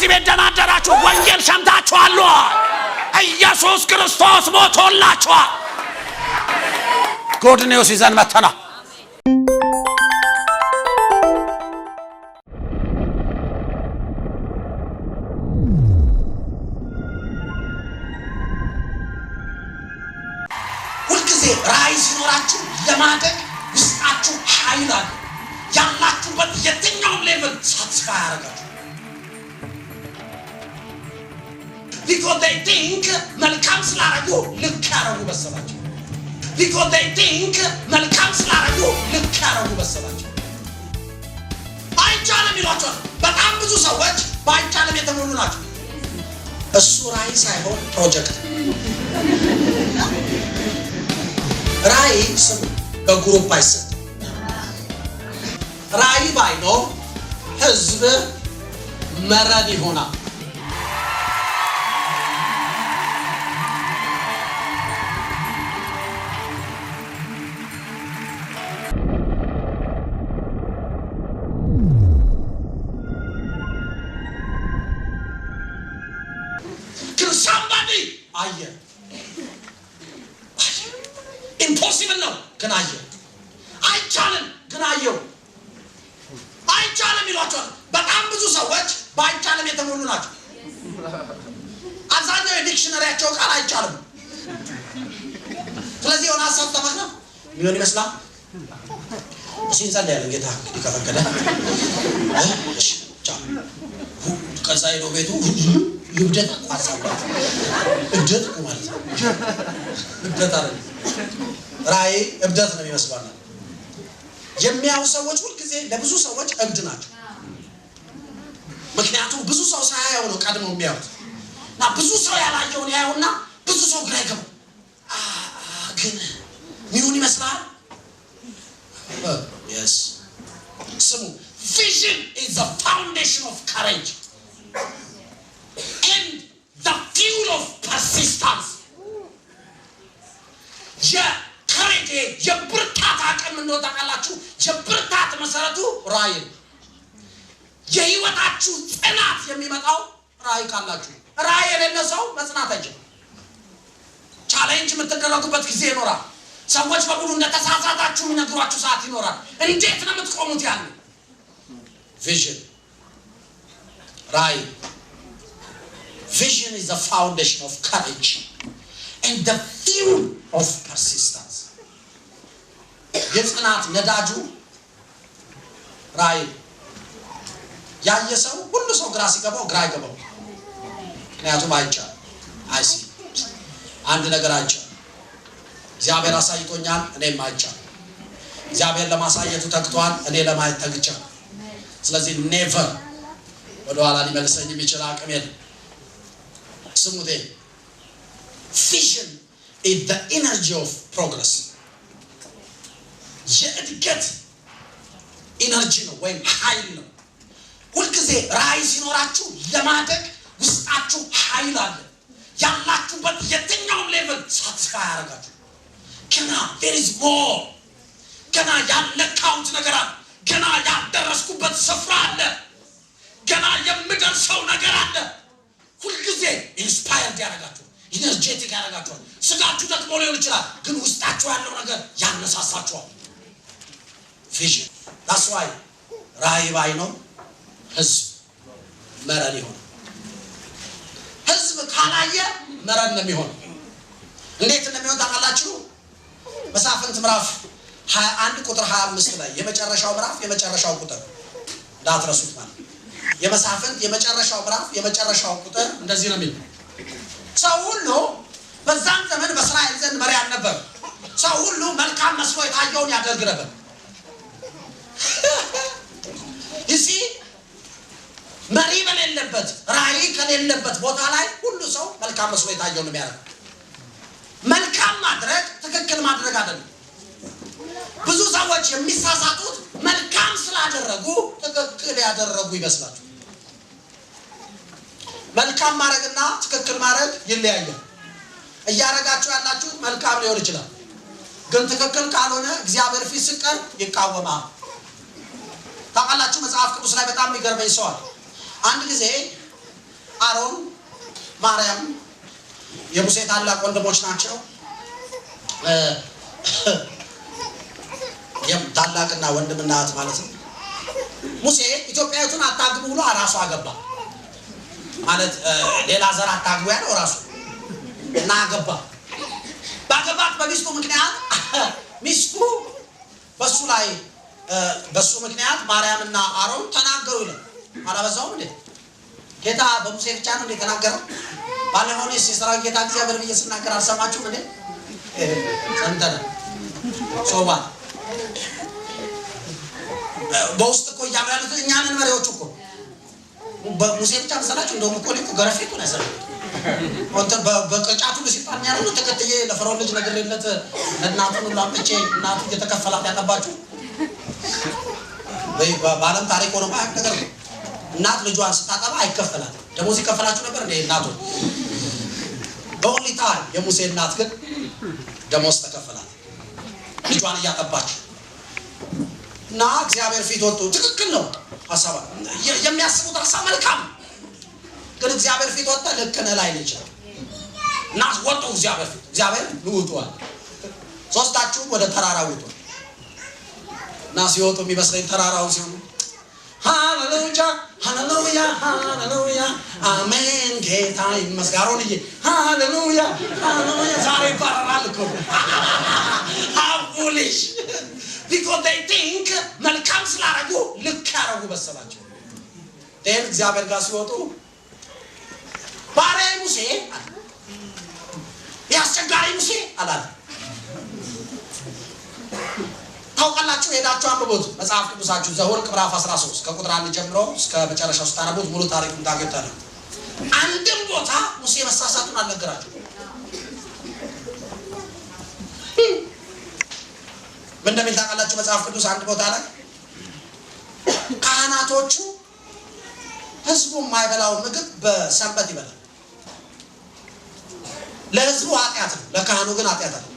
በዚህ ቤት ደህና አደራችሁ። ወንጌል ሰምታችኋል። ኢየሱስ ክርስቶስ ሞቶላችኋል። ጉድ ኒውስ ይዘን መተና ልንገራችሁ፣ እሱ ራዕይ ሳይሆን ፕሮጀክት ራዕይ ስሙ በግሩፕ አይሰጥ። ራዕይ ባይኖር ህዝብ መረድ ይሆናል። ሚሊዮን ይመስላል። እሺ እንጸልያለን። ጌታ እንግዲህ ከፈቀደ ከዛ ሄዶ ቤቱ እብደት ቋሳባት እብደት ማለት ነው። እብደት አለ ራእይ እብደት ነው ይመስላል። የሚያዩ ሰዎች ሁልጊዜ ለብዙ ሰዎች እብድ ናቸው። ምክንያቱም ብዙ ሰው ሳያየው ነው ቀድሞ የሚያዩት እና ብዙ ሰው ያላየውን ያየውና ብዙ ሰው ግራ ይገባል ግን ሚሆን ይመስላል። ስሙ ቪዥን ኢዝ ፋውንዴሽን ኦፍ ካሬጅ ኤንድ ዘ ፊውል ኦፍ ፐርሲስታንስ። የካሬጅ የብርታት አቅም እንደሆነ ታውቃላችሁ። የብርታት መሰረቱ ራእይ የህይወታችሁ ጽናት የሚመጣው ራይ ካላችሁ፣ ራይ የሌለ ሰው መጽናት አይችልም። ቻሌንጅ የምትደረጉበት ጊዜ ይኖራል። ሰዎች በሙሉ እንደተሳሳታችሁ የሚነግሯችሁ ሰዓት ይኖራል። እንዴት ነው የምትቆሙት? ያለ ቪዥን ራይ ቪዥን ኢዝ ዘ ፋውንዴሽን ኦፍ ካሬጅ ኤንድ ፊው ኦፍ ፐርሲስታንስ የጽናት ነዳጁ ራይ ያየ ሰው ሁሉ ሰው ግራ ሲገባው ግራ አይገባው። ምክንያቱም አይቻል አይሲ አንድ ነገር አይቻል እግዚአብሔር አሳይቶኛል፣ እኔ አይቻለሁ። እግዚአብሔር ለማሳየቱ ተግቷል፣ እኔ ለማየት ተግቻለሁ። ስለዚህ ኔቨር ወደኋላ ሊመልሰኝ የሚችል አቅም የለ ስሙቴ ቪዥን ኢነርጂ ኦፍ ፕሮግረስ የእድገት ኢነርጂ ነው ወይም ኃይል ነው። ሁልጊዜ ራይ ሲኖራችሁ ለማደግ ውስጣችሁ ኃይል አለ። ያላችሁበት የትኛውም ሌቭል ሳትስፋ ያደርጋችሁ ገና ቬሪዝ ሞ ገና ያለካሁት ነገር አለ። ገና ያልደረስኩበት ስፍራ አለ። ገና የምደርሰው ነገር አለ። ሁልጊዜ ኢንስፓየርድ ያደርጋችሁ ኢነርጄቲክ ያደርጋችኋል። ስጋችሁ ደክሞ ሊሆን ይችላል፣ ግን ውስጣችሁ ያለው ነገር ያነሳሳችኋል። ቪዥን ራስዋይ ራእይ ባይ ነው ህዝብ መረን ይሆን ህዝብ ካላየ መረን ነው የሚሆነው። እንዴት እንደሚሆን ታውቃላችሁ? መሳፍንት ምዕራፍ 21 ቁጥር 25 ላይ የመጨረሻው ምዕራፍ የመጨረሻው ቁጥር እንዳትረሱት ማለት የመሳፍንት የመጨረሻው ምዕራፍ የመጨረሻው ቁጥር እንደዚህ ነው የሚል ሰው ሁሉ በዛም ዘመን በእስራኤል ዘንድ መሪ አልነበረ። ሰው ሁሉ መልካም መስሎ የታየውን ያደርግ ነበር። እዚህ መሪ በሌለበት ራዕይ ከሌለበት ቦታ ላይ ሁሉ ሰው መልካም መስሎ የታየውን የሚያደርግ መልካም ማድረግ ትክክል ማድረግ አይደለም። ብዙ ሰዎች የሚሳሳቱት መልካም ስላደረጉ ትክክል ያደረጉ ይመስላቸው። መልካም ማድረግና ትክክል ማድረግ ይለያያል። እያደረጋችሁ ያላችሁ መልካም ሊሆን ይችላል፣ ግን ትክክል ካልሆነ እግዚአብሔር ፊት ስቀር ይቃወማል። ታውቃላችሁ፣ መጽሐፍ ቅዱስ ላይ በጣም የሚገርመኝ ሰዋል። አንድ ጊዜ አሮን ማርያም የሙሴ ታላቅ ወንድሞች ናቸው። ታላቅና ወንድምና እህት ማለት ነው። ሙሴ ኢትዮጵያዊቱን አታግቡ ብሎ ራሱ አገባ። ማለት ሌላ ዘር አታግቡ ያለው ራሱ እና አገባ። ባገባት በሚስቱ ምክንያት ሚስቱ በሱ ላይ በሱ ምክንያት ማርያምና አሮን ተናገሩ ይላል። አላበዛውም እንዴ? ጌታ በሙሴ ብቻ ነው እንዴ ተናገረው? ባለሆኔ የሰራዊት ጌታ እግዚአብሔር ብዬ ስናገር አልሰማችሁም እንዴ? ጸንተናል። ሶባ በውስጥ እኮ እያብላሉት እኛንን መሪዎች እኮ ሙሴ ብቻ መሰላችሁ? እንደውም እኮ እኔ እኮ ገረፌቱ ነው ያሰራሁት በቅርጫቱ ሲባል ያሉ ተከትዬ ለፈርዖን ልጅ ነግሬለት እናቱን ሁሉ አምጥቼ እናቱ እየተከፈላት ያጠባችሁ በዓለም ታሪክ ሆነ ማያቅ ነገር ነው። እናት ልጇን ስታጠባ አይከፈላት። ደግሞ ሲከፈላችሁ ነበር እናቱ ታይም የሙሴ እናት ግን ደሞስ ተከፈላት፣ ልጇን እያጠባች እና እግዚአብሔር ፊት ወጡ። ትክክል ነው ሀሳባ የሚያስቡት ሀሳብ መልካም፣ ግን እግዚአብሔር ፊት ወጥተ ልክነ ላይ ይችላል እና ወጡ እግዚአብሔር ፊት እግዚአብሔር ልውጡዋል። ሶስታችሁም ወደ ተራራ ውጡ እና ሲወጡ የሚመስለኝ ተራራው ሲሆኑ ሃሌሉያ ሃሌሉያ ሃሌሉያ አሜን። ጌታ ይመስገን። ሃሌሉያ ሃሌሉያ። ዛሬ ይባረራል እኮ አቡልሽ ቢኮዝ ቲንክ መልካም ስላረጉ ልክ ያረጉ መሰላቸው። ይህን እግዚአብሔር ጋር ሲወጡ ባሪያዬ ሙሴ ያስቸጋሪ ሙሴ አላለም። ታውቃላችሁ። ሄዳችሁ አንብቡት መጽሐፍ ቅዱሳችሁ ዘኍልቍ ምዕራፍ 13 ከቁጥር አንድ ጀምሮ እስከ መጨረሻው ስታነቡት ሙሉ ታሪኩን ታገኛላችሁ። አንድም ቦታ ሙሴ መሳሳቱን አልነገራችሁ። ምን እንደሚል ታውቃላችሁ? መጽሐፍ ቅዱስ አንድ ቦታ ላይ ካህናቶቹ ህዝቡ የማይበላው ምግብ በሰንበት ይበላል። ለህዝቡ ኃጢአት ነው፣ ለካህኑ ግን ኃጢአት ነው።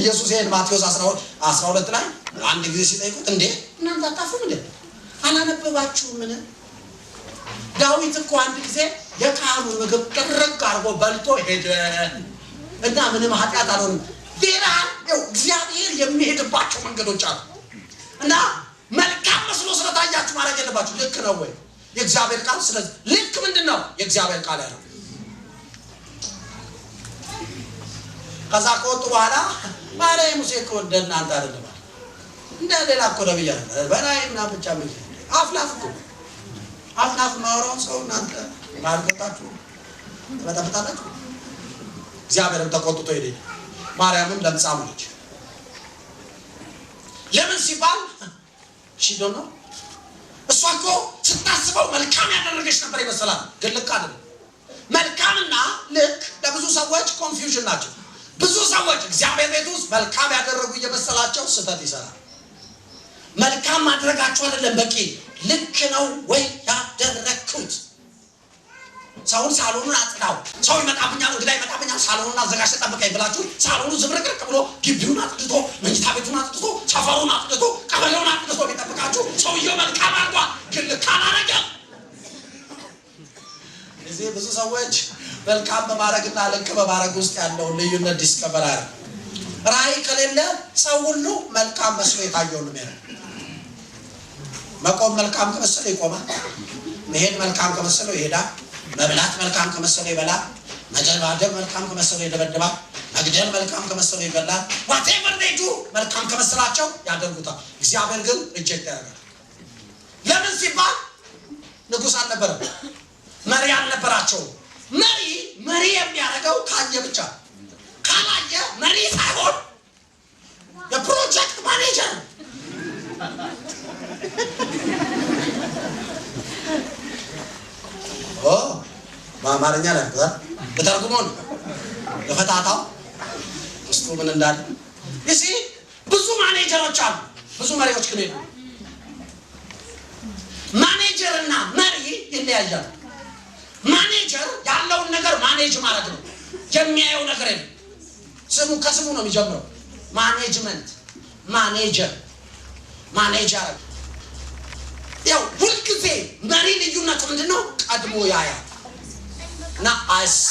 ኢየሱስ ይሄን ማቴዎስ 12 ላይ አንድ ጊዜ ሲጠይቁት እንዴ እናንተ አታፉም እንዴ አላነበባችሁ ምን? ዳዊት እኮ አንድ ጊዜ የቃሉን ምግብ ጥርቅ አድርጎ በልቶ ሄደ እና ምንም ኃጢአት አልሆንም። ሌላ እግዚአብሔር የሚሄድባቸው መንገዶች አሉ እና መልካም መስሎ ስለታያችሁ ማድረግ የለባችሁ። ልክ ነው ወይ የእግዚአብሔር ቃል? ስለዚህ ልክ ምንድን ነው የእግዚአብሔር ቃል ያለው ከዛ ከወጡ በኋላ ባህላዊ ሙሴ እኮ እንደ እናንተ አይደለም እንደ ሌላ እኮ ነብይ አይደለም በላይ እና ብቻ ምን አፍላፍ እኮ አፍላፍ ማውራውን ሰው እናንተ ባህል ቆጣችሁ እግዚአብሔርም ተቆጥቶ ሄደ። ማርያምም ለምጻም ነች። ለምን ሲባል ሺዶ ነው። እሷ እኮ ስታስበው መልካም ያደረገች ነበር ይመስላል፣ ግን ልክ አይደለም። መልካምና ልክ ለብዙ ሰዎች ኮንፊውዥን ናቸው። ብዙ ሰዎች እግዚአብሔር ቤት ውስጥ መልካም ያደረጉ እየመሰላቸው ስህተት ይሰራል። መልካም ማድረጋቸው አይደለም በቂ ልክ ነው ወይ ያደረግኩት? ሰውን ሳሎኑን አጽዳው፣ ሰው ይመጣብኛል፣ እንግዳ ይመጣብኛል፣ ሳሎኑን አዘጋጅ ተጠብቀኝ ብላችሁ ሳሎኑ ዝብርቅርቅ ብሎ ግቢውን አጥድቶ መኝታ ቤቱን አጥድቶ ሰፈሩን አጥድቶ ቀበሌውን አጥድቶ ቢጠብቃችሁ ሰውየው መልካም አድርጓል፣ ግን ልክ አላረገም። እዚህ ብዙ ሰዎች መልካም በማድረግና ልክ በማድረግ ውስጥ ያለውን ልዩነት ዲስከቨር አያል ራእይ ከሌለ ሰው ሁሉ መልካም መስሎ የታየው ነው። መቆም መልካም ከመሰለ ይቆማል። መሄድ መልካም ከመሰለው ይሄዳል። መብላት መልካም ከመሰለው ይበላል። መደባደብ መልካም ከመሰለው ይደበድባል። መግደል መልካም ከመሰለው ይበላል ዋቴቨር ኔዱ መልካም ከመሰላቸው ያደርጉታል። እግዚአብሔር ግን ሪጀክት ያደርጋል። ለምን ሲባል ንጉሥ አልነበረም፣ መሪ አልነበራቸውም። መሪ መሪ የሚያደርገው ካየ ብቻ ካላየ መሪ ሳይሆን የፕሮጀክት ማኔጀር በአማርኛ ላይ ተተርጉሞ ነው ለፈታታው ውስጡ ምን እንዳለ ይሲ ብዙ ማኔጀሮች አሉ፣ ብዙ መሪዎች ግን ማኔጀርና መሪ ይለያያሉ። ማኔጀር ያለውን ነገር ማኔጅ ማለት ነው። የሚያየው ነገር የለም። ስሙ ከስሙ ነው የሚጀምረው። ማኔጅመንት፣ ማኔጀር፣ ማኔጀር። ያው ሁልጊዜ መሪ ልዩነቱ ምንድን ነው? ቀድሞ ያያል እና አይሲ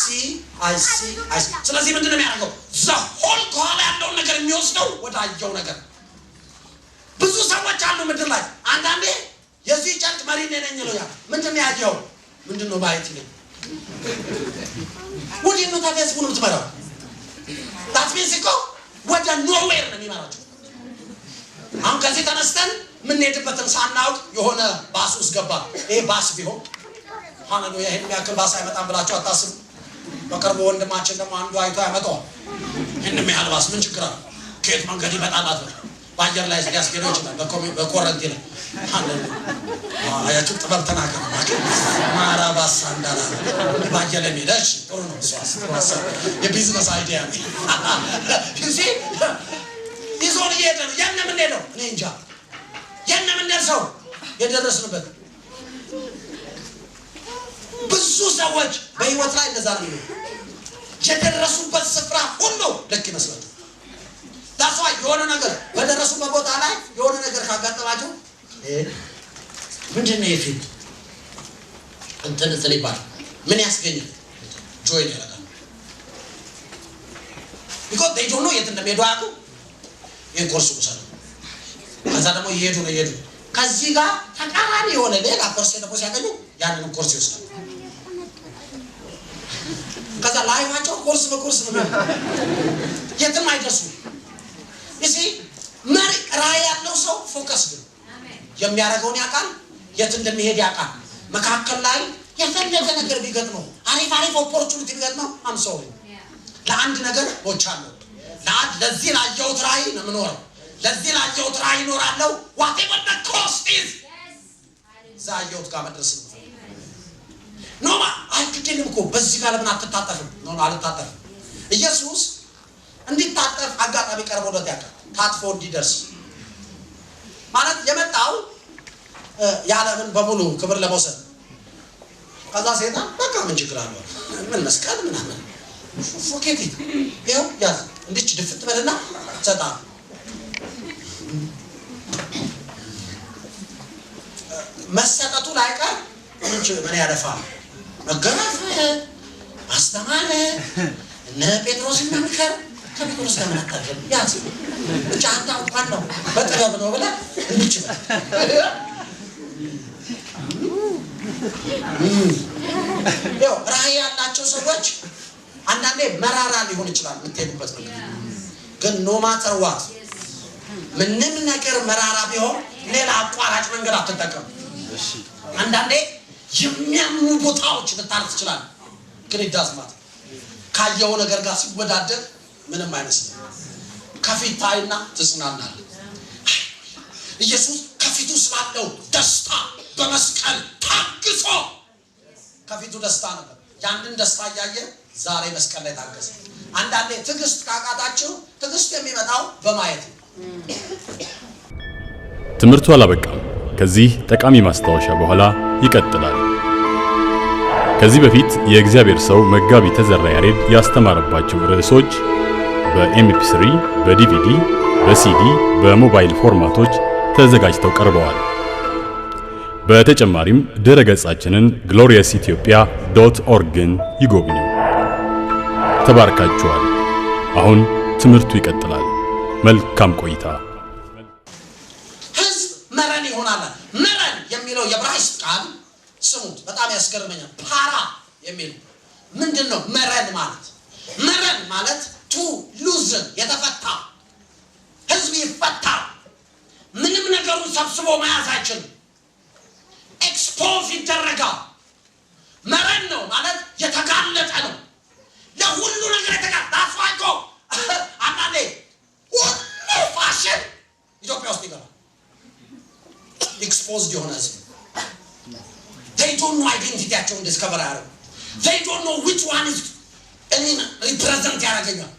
አይሲ አይሲ። ስለዚህ ምንድን የሚያደርገው? ዘሆል ከኋላ ያለውን ነገር የሚወስደው ወዳየው ነገር። ብዙ ሰዎች አሉ ምድር ላይ አንዳንዴ የዚህ ጨርቅ መሪ ነኝ ነው ያ ምንድን ያየው ምንድን ነው ባይት ነኝ ወደ ነው ታዲያ ህዝቡ ነው የምትመራው ዳትሚንስ እኮ ወደ ኖርዌር ነው የሚመራቸው አሁን ከዚህ ተነስተን የምንሄድበትም ሳናውቅ የሆነ ባስ ውስጥ ገባ ይሄ ባስ ቢሆን ሃሌሉያ ይህን የሚያክል ባስ አይመጣም ብላቸው አታስብ በቅርቡ ወንድማችን ደግሞ አንዱ አይቶ ያመጣዋል ይህን ያህል ባስ ምን ችግር አለ ከየት መንገድ ይመጣላት በአየር ላይ ሊያስጌደው ይችላል። በኮረንቲ ላይ አያችሁ፣ ጥበብ ተናገረ ማራባሳ እንዳላ በአየር ላይ ሜዳች ጥሩ ነው። የቢዝነስ አይዲያ ነው። ይዞን እየሄደ ነው። የት ነው የምንሄደው? እኔ እንጃ። የት ነው የምንደርሰው? የደረስንበት ብዙ ሰዎች በህይወት ላይ እንደዛ ነው የደረሱበት ስፍራ ሁሉ ልክ ይመስላል ዳስዋ የሆነ ነገር በደረሱበት ቦታ ላይ የሆነ ነገር ካጋጠማቸው ምንድነው ነው የፊት እንትን እንትን ይባላል። ምን ያስገኝ ጆይን ያደርጋል። ቢኮዝ ዴይ ዶንት ኖ የት እንደሚሄዱ አያውቁ። ይህን ኮርስ ውሰዱ። ከዛ ደግሞ እየሄዱ ነው እየሄዱ ከዚህ ጋር ተቃራኒ የሆነ ሌላ ኮርስ ደግሞ ሲያገኙ ያንን ኮርስ ይወስዳሉ። ከዛ ላይፋቸው ኮርስ በኮርስ ነው፣ የትም አይደርሱም። እዚህ መሪ ራዕይ ያለው ሰው ፎከስ ነው የሚያደርገውን ያውቃል፣ የት እንደሚሄድ ያውቃል። መካከል ላይ የፈለገ ነገር ቢገጥመው አሪፍ አሪፍ ኦፖርቹኒቲ ቢገጥመው አምሰው ለአንድ ነገር ወቻለሁ ለአንድ ለዚህ ላየሁት ራዕይ ነው የምኖረው ለዚህ ላየሁት ራዕይ ዋት ኤቨር ወደ ኮስት ኢዝ እዛ አየሁት ጋር መድረስ ነው። ኖማ አልክድልም እኮ በዚህ ጋር ለምን አትታጠፍም? አልታጠፍም ኢየሱስ እንዲታጠፍ አጋጣሚ ቀርቦለት ያውቃል። ታጥፎ እንዲደርስ ማለት የመጣው የዓለምን በሙሉ ክብር ለመውሰድ ከዛ ሴታ በቃ ምን ችግር አለ ምን መስቀል ምናምን ፎኬቲ ይኸው ያዝ እንድች ድፍት በልና ሰጣ መሰጠቱ ላይቀር ምን ያደፋ መገረፍ፣ ማስተማር እነ ጴጥሮስን መምከር ከፍቅር ውስጥ ለምናታገል ያዝ ብቻ እንኳን ነው በጥበብ ነው ብለህ እንችላል ያው ያላቸው ሰዎች አንዳንዴ መራራ ሊሆን ይችላል የምትሄዱበት ነው። ግን ኖ ምንም ነገር መራራ ቢሆን ሌላ አቋራጭ መንገድ አትጠቀም። አንዳንዴ የሚያምኑ ቦታዎች ልታርፍ ትችላል። ግን ይዳዝማት ካየው ነገር ጋር ሲወዳደር ምንም አይመስልም። ከፊት ታይና ትጽናናል። ኢየሱስ ከፊቱ ስላለው ደስታ በመስቀል ታግሶ ከፊቱ ደስታ ነበር። ያንድን ደስታ እያየ ዛሬ መስቀል ላይ ታገሰ። አንዳንዴ ትግስት ካቃታችሁ ትግስት የሚመጣው በማየት ነው። ትምህርቱ አላበቃም። ከዚህ ጠቃሚ ማስታወሻ በኋላ ይቀጥላል። ከዚህ በፊት የእግዚአብሔር ሰው መጋቢ ተዘራ ያሬድ ያስተማረባቸው ርዕሶች በኤምፒ3 በዲቪዲ በሲዲ በሞባይል ፎርማቶች ተዘጋጅተው ቀርበዋል። በተጨማሪም ድረገጻችንን ገጻችንን ግሎሪየስ ኢትዮጵያ ዶት ኦርግን ይጎብኙ። ተባርካችኋል። አሁን ትምህርቱ ይቀጥላል። መልካም ቆይታ። ህዝብ መረን ይሆናል። መረን የሚለው የዕብራይስጥ ቃል ስሙት፣ በጣም ያስገርመኛል። ፓራ የሚል ምንድን ነው? መረን ማለት መረን ማለት ቱ ሉዝን የተፈታ ህዝብ ይፈታ። ምንም ነገሩን ሰብስቦ መያዛችን ኤክስፖዝ ይደረጋል። መረን ነው ማለት የተጋለጠ ነው። ለሁሉ ነገር የተጋጣፋቆ አንዳንዴ ሁሉ ፋሽን ኢትዮጵያ ውስጥ ይገባል። ኤክስፖዝድ የሆነ ህዝብ ዘይቶን ነው አይዴንቲቲያቸውን ዲስከቨር ያደረጉ ዘይቶን ነው ዊች ዋን ሪፕሬዘንት ያደረገኛል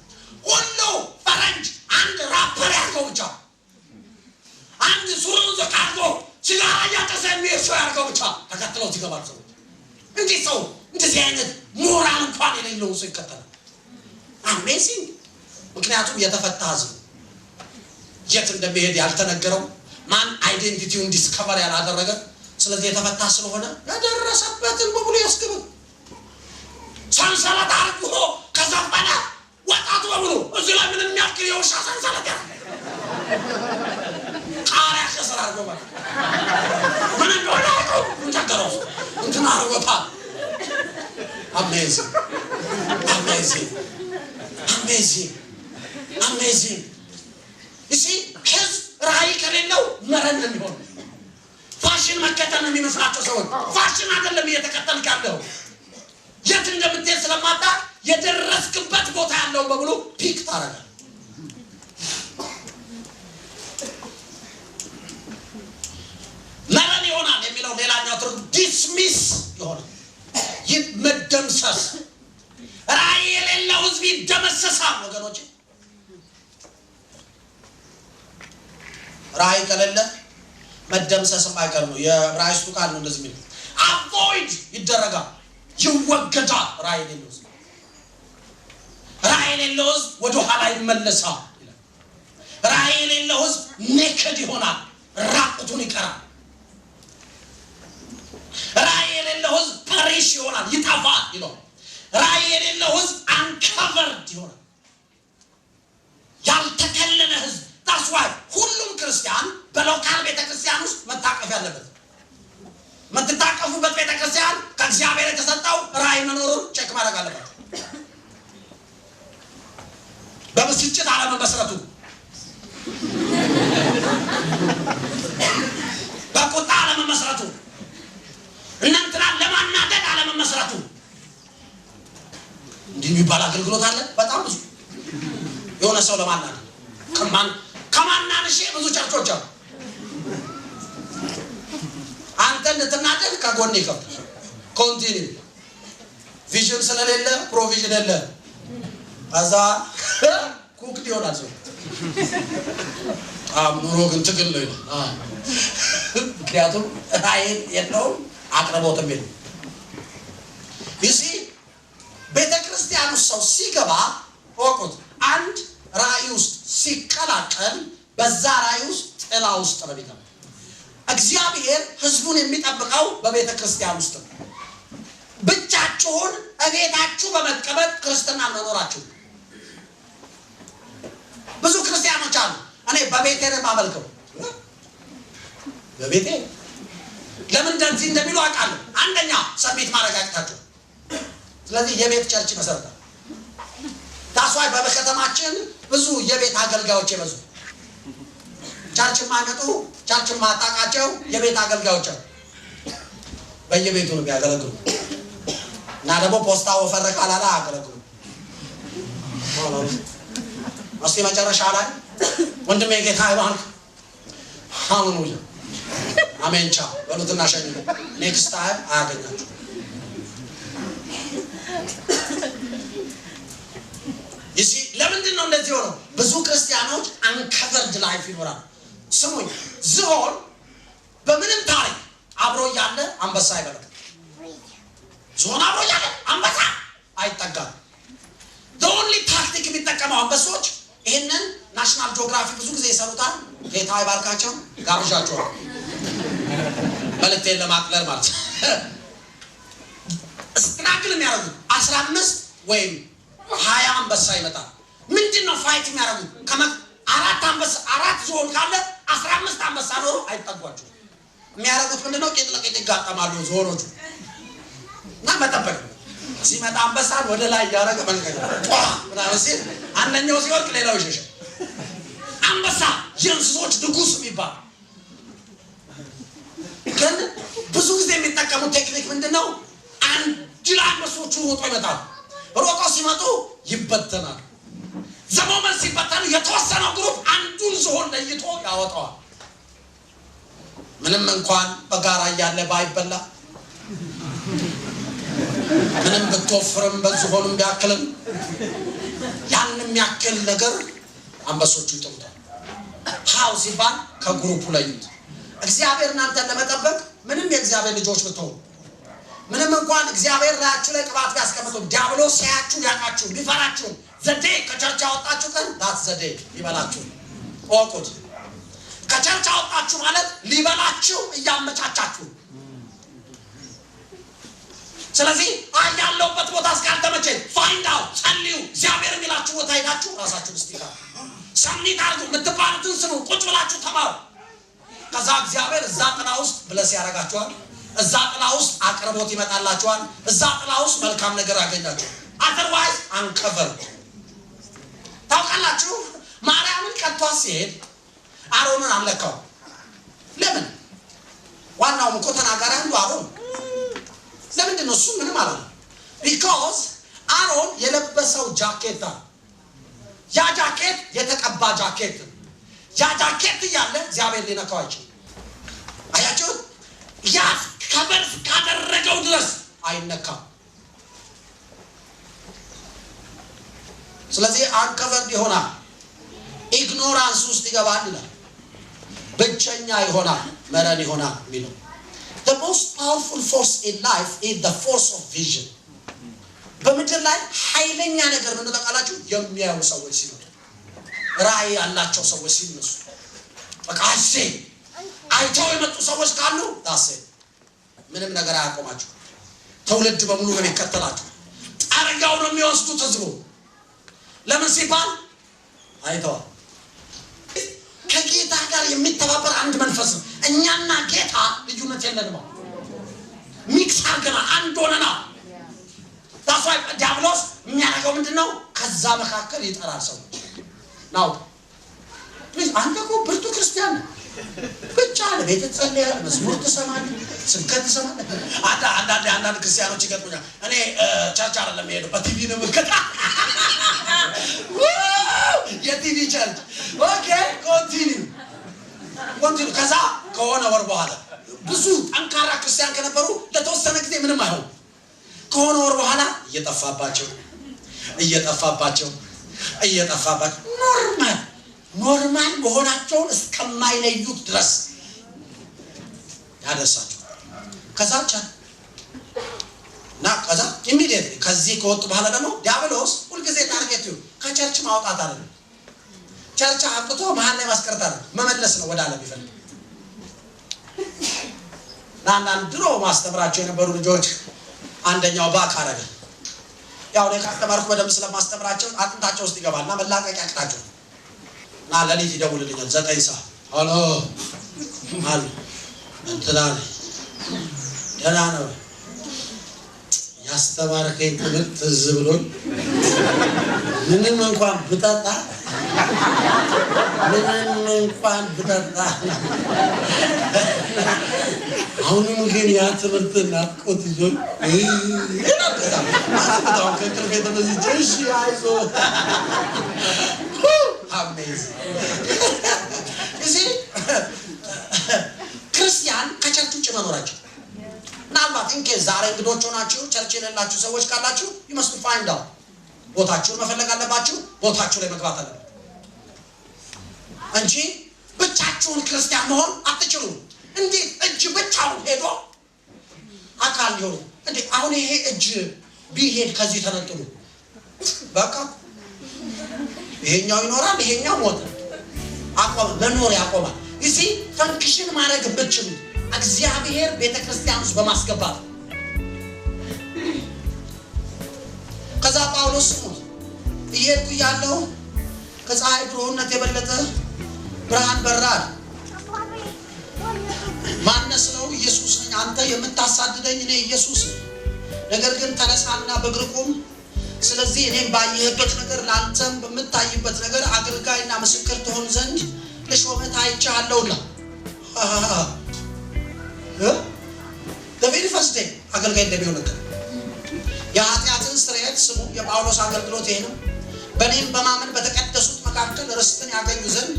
ሁሉ ፈረንጅ አንድ ራፐር ያርገው ብቻ አንድ ሱሩን ዘቅ አርጎ ሲጋራ የሚሄድ ሰው ያርገው ብቻ ተከትለው ሲገባል ሰዎች። እንዴት ሰው እንደዚህ አይነት ሞራል እንኳን የሌለውን ሰው ይከተላል? አሜዚንግ። ምክንያቱም የተፈታ ህዝብ የት እንደሚሄድ ያልተነገረው ማን አይዴንቲቲውን ዲስከቨር ያላደረገ ስለዚህ የተፈታ ስለሆነ የደረሰበትን በሙሉ ያስገባል። ሰንሰለት አርጎ ከዘፈነ በሙሉ እዚህ ላይ ምንም ያክል የውሻ ሰንሰለት ያለ ቃሪያ ከስር አድርጎ ምን እንደሆነ አውቀ እንቸገረው እንትን አርጎታል። አሜዚንግ አሜዚንግ አሜዚንግ አሜዚንግ እዚ ህዝብ ራእይ ከሌለው መረን ነው የሚሆን። ፋሽን መከተል ነው የሚመስላቸው ሰዎች። ፋሽን አይደለም እየተከተልክ ያለው የት እንደምትሄድ ስለማታውቅ የደረስክበት ቦታ ያለው በሙሉ ፒክ ታደርጋለህ። መረን ይሆናል የሚለው ሌላኛው ትርጉም ዲስሚስ ይሆናል፣ መደምሰስ። ራይ የሌለው ህዝብ ይደመሰሳል ወገኖች። ራይ ከሌለ መደምሰስም አይቀር ነው። የራይስቱ ቃል ነው እንደዚህ የሚለው አቮይድ ይደረጋል፣ ይወገዳል ራይ የሌለው ራእይ የሌለው ህዝብ ወደ ኋላ ይመለሳል። ራእይ የሌለው ህዝብ ኔክድ ይሆናል፣ ራቁቱን ይቀራል። ራእይ የሌለው ህዝብ ፐሪሽ ይሆናል፣ ይጠፋል ይለው። ራእይ የሌለው ህዝብ አንከቨርድ ይሆናል፣ ያልተከለለ ህዝብ ታስዋይ። ሁሉም ክርስቲያን በሎካል ቤተክርስቲያን ውስጥ መታቀፍ ያለበት የምትታቀፉበት ቤተክርስቲያን ከእግዚአብሔር የተሰጠው ራይ መኖሩን ቼክ ማድረግ አለበት። በብስጭት አለመመስረቱ፣ በቁጣ አለመመስረቱ፣ እናንትናን ለማናደድ አለመመስረቱ እንዲህ የሚባል አገልግሎት አለ። በጣም ብዙ የሆነ ሰው ለማናደድ ከማናንሽ ብዙ ቸርቾች አሉ። አንተ እንድትናደድ ከጎን ይከብዳል። ኮንቲኒ ቪዥን ስለሌለ ፕሮቪዥን የለ ከዛ ይሆናል ሰው ግን ትግል ነው ምክንያቱም ራዕይን የለውም አቅርቦትም ይሲ ቤተ ክርስቲያን ውስጥ ሰው ሲገባ ወቁት አንድ ውስጥ ሲቀላቀል በዛ ውስጥ ጥላ ውስጥ ነው እግዚአብሔር ህዝቡን የሚጠብቀው በቤተ ክርስቲያን ውስጥ ነው። ብቻችሁን እቤታችሁ በመቀመጥ ክርስትና መኖራችሁ እኔ በቤቴ ነው የማመልከው። በቤቴ ለምን እንደዚህ እንደሚሉ አውቃለሁ። አንደኛ ሰሚት ማረጋግጣቸው ስለዚህ የቤት ቸርች መሰረታል። ታስዋይ በከተማችን ብዙ የቤት አገልጋዮች የበዙ ቸርች የማይመጡ ቸርች የማታውቃቸው የቤት አገልጋዮች አሉ። በየቤቱ ነው የሚያገለግሉ እና ደግሞ ፖስታ ወፈረ ካላላ አያገለግሉ። እስቲ መጨረሻ ላይ ወንድሜ ጌታ ይባል። ሃሌሉያ አሜንቻ በሉትና ሸኝ። ኔክስት ታይም አያገኛችሁ። ይሲ ለምንድን ነው እንደዚህ ሆነው? ብዙ ክርስቲያኖች አንከቨርድ ላይፍ ይኖራል። ስሙኝ፣ ዝሆን በምንም ታሪክ አብሮ እያለ አንበሳ አይበላም። ዝሆን አብሮ እያለ አንበሳ አይጠጋም። ኦንሊ ታክቲክ የሚጠቀመው አንበሶች ይህንን ናሽናል ጂኦግራፊ ብዙ ጊዜ ይሰሩታል። ጌታ ይባርካቸው። ጋብዣቸዋል መልእክቴን ለማቅለል ማለት ነው። ስትራግል የሚያደርጉት አስራ አምስት ወይም ሀያ አንበሳ ይመጣል። ምንድን ነው ፋይት የሚያደርጉት? አራት አንበሳ አራት ዝሆን ካለ አስራ አምስት አንበሳ ኖሮ አይጠጓቸው። የሚያደርጉት ምንድን ነው? ቄጥ ለቄጥ ይጋጠማሉ ዝሆኖቹ እና መጠበቅ ሲመጣ አንበሳን ወደ ላይ እያደረገ መልከ ምናምን ሲል አንደኛው ሲወርቅ ሌላው ይሸሻል። አንበሳ የእንስሶች ንጉስ የሚባል ግን ብዙ ጊዜ የሚጠቀሙት ቴክኒክ ምንድን ነው? አንድ ለአንበሶቹ ሮጦ ይመጣል ሮጦ ሲመጡ ይበተናል። ዘመመን ሲበተን የተወሰነው ግሩፕ አንዱን ዝሆን ለይቶ ያወጣዋል። ምንም እንኳን በጋራ እያለ ባይበላ ምንም ብትወፍርም በዝሆንም ቢያክልም ያንም ያክል ነገር አንበሶቹ ይጥሩታል። ሀው ሲባል ከግሩፑ ለዩት። እግዚአብሔር እናንተን ለመጠበቅ ምንም የእግዚአብሔር ልጆች ብትሆኑ ምንም እንኳን እግዚአብሔር ላያችሁ ላይ ቅባት ቢያስቀምጡ ዲያብሎ ሲያያችሁ ያቃችሁ ሊፈራችሁ ዘዴ ከቸርች ያወጣችሁ ቀን ዳት ዘዴ ይበላችሁ ወቁት። ከቸርች ያወጣችሁ ማለት ሊበላችሁ እያመቻቻችሁ። ስለዚህ አይ ያለውበት ቦታ እስካልተመቼ ፋይንድ አውት ጸልዩ። እግዚአብሔር የሚላችሁ ቦታ ሄዳችሁ ራሳችሁን ስቲካ ሰሚት አርጉ የምትባሉትን ስሩ። ቁጭ ብላችሁ ተማሩ። ከዛ እግዚአብሔር እዛ ጥላ ውስጥ ብለስ ያደርጋችኋል። እዛ ጥላ ውስጥ አቅርቦት ይመጣላችኋል። እዛ ጥላ ውስጥ መልካም ነገር ያገኛችኋል። አተርዋይዝ አንከበር ታውቃላችሁ። ማርያምን ቀጥቷ ሲሄድ አሮንን አለካው። ለምን? ዋናውም እኮ ተናጋሪ አንዱ አሮን። ለምንድን ነው እሱ ምንም አለ ቢኮዝ አሮን የለበሰው ጃኬታ ያ ጃኬት የተቀባ ጃኬት ያ ጃኬት እያለ እግዚአብሔር ሊነካው አይችል አያችሁ፣ ያ ከበር ካደረገው ድረስ አይነካም። ስለዚህ አንከቨርድ ይሆናል፣ ኢግኖራንስ ውስጥ ይገባል ይላል። ብቸኛ ይሆናል፣ መረን ይሆናል የሚለው ሞስት ፓወርፉል ፎርስ ኢን ላይፍ life ፎርስ ኦፍ ቪዥን። በምድር ላይ ኃይለኛ ነገር ምን ተቃላችሁ? የሚያዩ ሰዎች ሲኖሩ ራእይ ያላቸው ሰዎች ሲነሱ በቃ እሺ አይተው የመጡ ሰዎች ካሉ ዳሴ ምንም ነገር አያቆማችሁ። ትውልድ በሙሉ ግን ይከተላችሁ። ጠርጋው ነው የሚወስዱት ህዝቡ። ለምን ሲባል አይተዋል። ከጌታ ጋር የሚተባበር አንድ መንፈስ ነው። እኛና ጌታ ልዩነት የለንም። ሚክስ አድርገናል። አንድ ሆነና ዛሷ ዲያብሎስ የሚያደርገው ምንድን ነው? ከዛ መካከል ይጠራል ሰው ናው አንተ እኮ ብርቱ ክርስቲያን ነው ብቻ ለቤት ትጸልያለህ፣ መዝሙር ትሰማለህ፣ ስብከት ትሰማለህ። አንዳንድ አንዳንድ ክርስቲያኖች ይገጥሙኛል። እኔ ቸርች አይደለም የምሄደው በቲቪ ነው ምልከታ የቲቪ ቸርች ኦኬ፣ ኮንቲኒው ኮንቲኒው። ከዛ ከሆነ ወር በኋላ ብዙ ጠንካራ ክርስቲያን ከነበሩ ለተወሰነ ጊዜ ምንም አይሆን ከሆነ እየጠፋባቸው እየጠፋባቸው እየጠፋባቸው ኖርማል ኖርማል መሆናቸውን እስከማይለዩት ድረስ ያደርሳቸው። ከዛ ብቻ እና ከዛ ኢሚዲየት ከዚህ ከወጡ በኋላ ደግሞ ዲያብሎስ ሁልጊዜ ታርጌት ይሁን ከቸርች ማውጣት አለ ቸርች አቅቶ መሀል ላይ ማስቀረት አለ መመለስ ነው ወደ አለም ይፈልግ እና አንዳንድ ድሮ ማስተምራቸው የነበሩ ልጆች አንደኛው ባክ አረገ ያው እኔ ካስተማርኩ በደንብ ስለማስተምራቸው አጥንታቸው ውስጥ ይገባል እና መላቀቅ ያቅታቸው እና ለሊት ይደውልልኛል። ዘጠኝ ሰዓት አሎ አሉ እንትላል ደህና ነው ያስተማርከኝ ትምህርት ትዝ ብሎኝ ምንም እንኳን ብጠጣ ምንም እንኳን ብጠጣ አሁንም ግን ያ ትምህርት ናፍቆት ይዞኝ Sam, Macedon, Cancro Redondo de 10 reais ou. Uh, amazing. እዚህ ክርስቲያን ከቸርች ውጭ መኖራቸው ምናልባት እንኬ ዛሬ እንግዶች ሆናችሁ ቸርች የሌላችሁ ሰዎች ካላችሁ ይመስሉ ፋይንድ አውት ቦታችሁን መፈለግ አለባችሁ። ቦታችሁ ላይ መግባት አለበት እንጂ ብቻችሁን ክርስቲያን መሆን አትችሉ እንዴት እጅ ብቻውን ሄዶ አካል ሊሆኑ እንዴ አሁን ይሄ እጅ ቢሄድ ከዚህ ተነጥሎ በቃ ይሄኛው ይኖራል፣ ይሄኛው ሞተ። አቆመ፣ መኖር ያቆማል። ይሲ ፈንክሽን ማድረግ ብችሉ እግዚአብሔር ቤተ ክርስቲያን ውስጥ በማስገባት ከዛ ጳውሎስ እየሄድኩ እያለሁ ከፀሐይ ብሩህነት የበለጠ ብርሃን በራል ማነስ ነው ኢየሱስ ነኝ። አንተ የምታሳድደኝ እኔ ኢየሱስ ነኝ። ነገር ግን ተነሳና በእግር ቁም። ስለዚህ እኔም ባየህበት ነገር ለአንተም በምታይበት ነገር አገልጋይና ምስክር ትሆን ዘንድ ልሾመት ታይቼሃለሁና ለቬሪ አገልጋይ እንደሚሆን ነገር የኃጢአትን ስርየት ስሙ። የጳውሎስ አገልግሎት ይሄ ነው። በእኔም በማመን በተቀደሱት መካከል ርስትን ያገኙ ዘንድ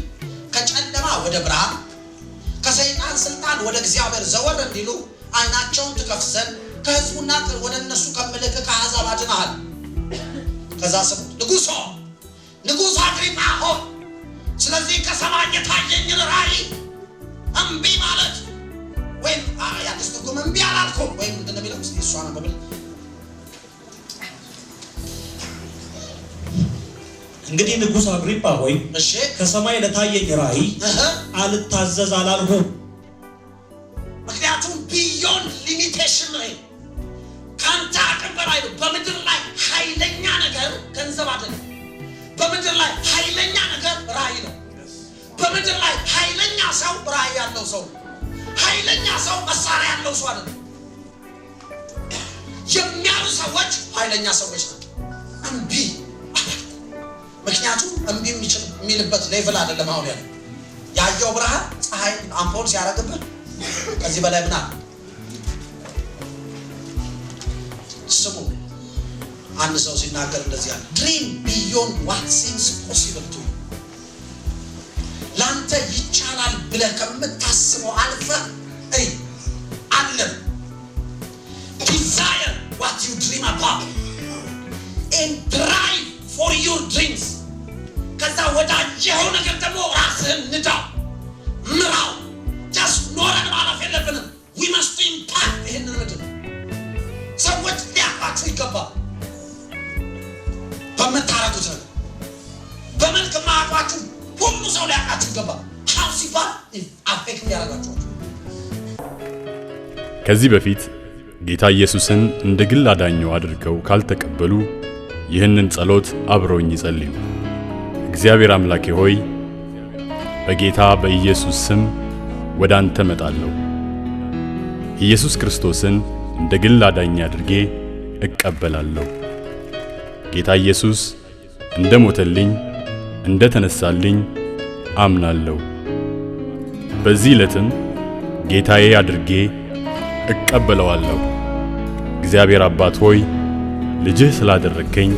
ከጨለማ ወደ ብርሃን ከሰይጣን ስልጣን ወደ እግዚአብሔር ዘወር እንዲሉ አይናቸውን ትከፍ ዘንድ ከህዝቡና ወደ እነሱ ከምልክ ከአሕዛብ አድናሃል። ከዛ ስም ንጉሶ ንጉሶ አግሪጳ ሆይ ስለዚህ ከሰማይ የታየኝን ራይ እምቢ ማለት ወይም የአዲስ ትርጉም እምቢ አላልኩም ወይም ምንድን ነው የሚለው እሷ ነው እንግዲህ ንጉሥ አግሪጳ ሆይ ከሰማይ ለታየኝ ራእይ አልታዘዝ አላልሁ ምክንያቱም ቢዮን ሊሚቴሽን ነው። ከአንተ አቅም በላይ ነው። በምድር ላይ ኃይለኛ ነገር ገንዘብ አደለ። በምድር ላይ ኃይለኛ ነገር ራእይ ነው። በምድር ላይ ኃይለኛ ሰው ራእይ ያለው ሰው፣ ኃይለኛ ሰው መሳሪያ ያለው ሰው አይደለም። የሚያሉ ሰዎች ኃይለኛ ሰዎች ናቸው እምቢ ምክንያቱም እምቢ የሚልበት ሌቭል አይደለም። አሁን ያለ ያየው ብርሃን ፀሐይ አምፖል ሲያደርግብህ ከዚህ በላይ ምና ስሙ አንድ ሰው ሲናገር እንደዚህ ያለ ድሪም ቢዮን ዋት ሲምስ ፖሲብል ቱ ለአንተ ይቻላል ብለ ከምታስበው አልፈ እይ አለም ዲዛየር ዋት ዩ ድሪም አባ ኤን ድራይቭ ፎር ዩር ድሪምስ ከዛ ወዳየኸው ነገር ደግሞ ራስህን ንዳው ምራው። ጃስ ኖረን ማለፍ የለብንም። ዊ መስት ኢምፓክት ይህንን ምድር ሰዎች ሊያቋቸው ይገባል። በምታረጉት ነገር በመልክ ማቋችሁ ሁሉ ሰው ሊያውቃችሁ ይገባል። ሀብ ሲባል አፌክት ሊያደርጋችኋል። ከዚህ በፊት ጌታ ኢየሱስን እንደ ግል አዳኘው አድርገው ካልተቀበሉ ይህንን ጸሎት አብረውኝ ይጸልዩ። እግዚአብሔር አምላኬ ሆይ በጌታ በኢየሱስ ስም ወደ አንተ መጣለሁ። ኢየሱስ ክርስቶስን እንደ ግል አዳኝ አድርጌ እቀበላለሁ። ጌታ ኢየሱስ እንደ ሞተልኝ፣ እንደ ተነሳልኝ አምናለሁ። በዚህ ዕለትም ጌታዬ አድርጌ እቀበለዋለሁ። እግዚአብሔር አባት ሆይ ልጅህ ስላደረግከኝ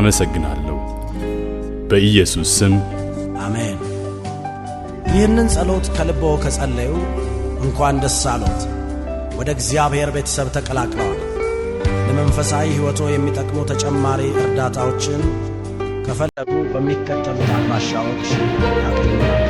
አመሰግናለሁ። በኢየሱስ ስም አሜን። ይህንን ጸሎት ከልቦ ከጸለዩ እንኳን ደስ አሎት፣ ወደ እግዚአብሔር ቤተሰብ ተቀላቅለዋል። ለመንፈሳዊ ሕይወቶ የሚጠቅሙ ተጨማሪ እርዳታዎችን ከፈለጉ በሚከተሉት አድራሻዎች ያገኛል።